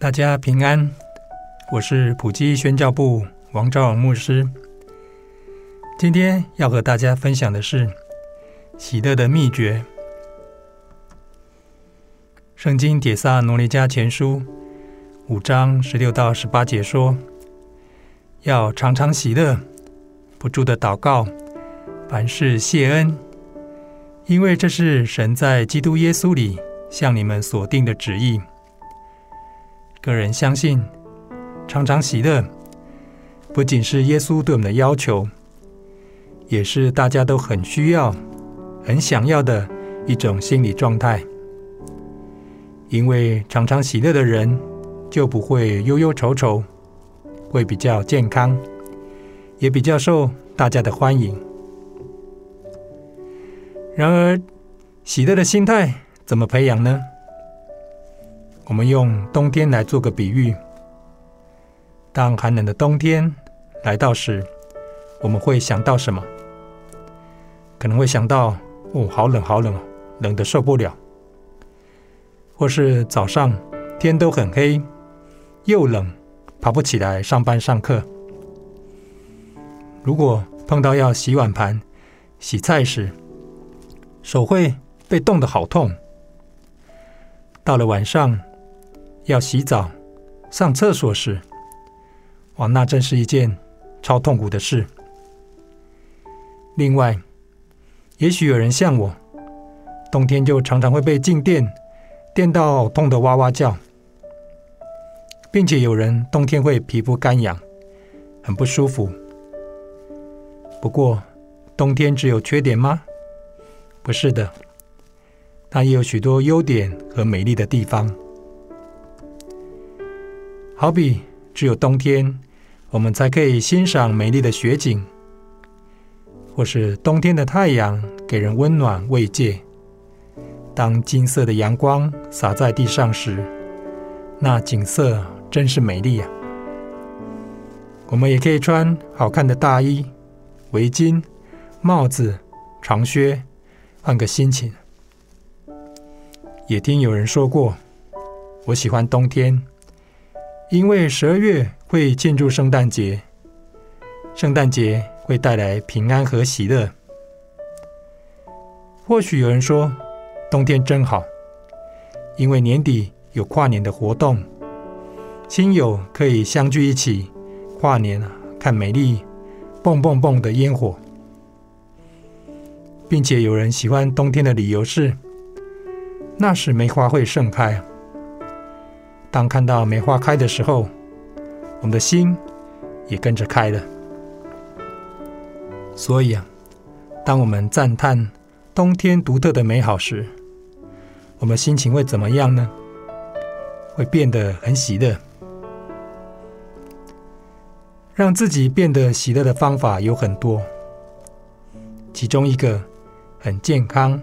大家平安，我是埔基宣教部王昭榮牧師。今天要和大家分享的是喜樂的秘訣。聖經帖撒羅尼迦前書五章十六到十八節說：要常常喜樂，不住的禱告，凡事謝恩，因為這是神在基督耶穌裡向你們所定的旨意。個人相信，常常喜樂，不僅是耶穌對我們的要求，也是大家都很需要、很想要的一種心理狀態。因為常常喜樂的人，就不會憂憂愁愁，會比較健康，也比較受大家的歡迎。然而，喜樂的心態怎麼培養呢？我們用冬天來做個比喻，當寒冷的冬天來到時，我們會想到什麼？可能會想到，哦，好冷，好冷，冷得受不了。或是早上天都很黑，又冷，爬不起來上班上課。如果碰到要洗碗盤、洗菜時，手會被凍得好痛。到了晚上。要洗澡、上廁所時，哇，那真是一件超痛苦的事。另外，也許有人像我，冬天就常常會被靜電，電到痛得哇哇叫，並且有人冬天會皮膚乾癢，很不舒服。不過，冬天只有缺點嗎？不是的，它也有許多優點和美麗的地方。好比只有冬天，我們才可以欣賞美麗的雪景，或是冬天的太陽給人溫暖慰藉。當金色的陽光灑在地上時，那景色真是美麗啊！我們也可以穿好看的大衣、圍巾、帽子、長靴，換個心情。也聽有人說過，我喜歡冬天。因為十二月會慶祝聖誕節，聖誕節會帶來平安和喜樂。或許有人說，冬天真好，因為年底有跨年的活動，親友可以相聚一起跨年啊，看美麗、蹦蹦蹦的煙火，並且有人喜歡冬天的理由是，那時梅花會盛開。當看到梅花開的時候，我們的心也跟着開了。所以啊，當我們讚嘆冬天獨特的美好時，我們心情會怎麼樣呢？會變得很喜樂。讓自己變得喜樂的方法有很多，其中一個很健康、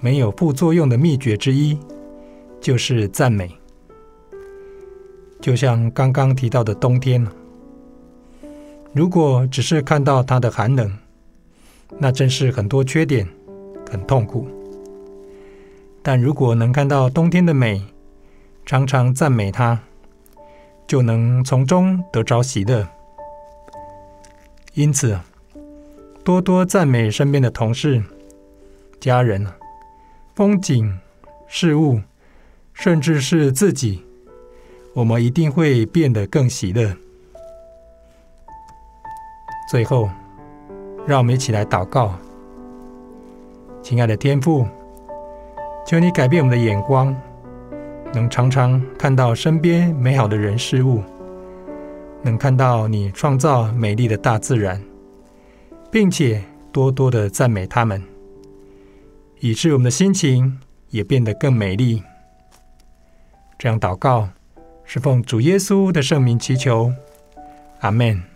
沒有副作用的秘訣之一，就是讚美。就像剛剛提到的冬天，如果只是看到它的寒冷，那真是很多缺點，很痛苦。但如果能看到冬天的美，常常讚美它，就能從中得着喜樂。因此，多多讚美身邊的同事、家人、風景、事物，甚至是自己。我們一定會變得更喜樂。最後，讓我們一起來禱告。親愛的天父，求你改變我們的眼光，能常常看到身邊美好的人事物，能看到你創造美麗的大自然，並且多多的讚美他們，以致我們的心情也變得更美麗。這樣禱告。是奉主耶穌的聖名祈求，阿門。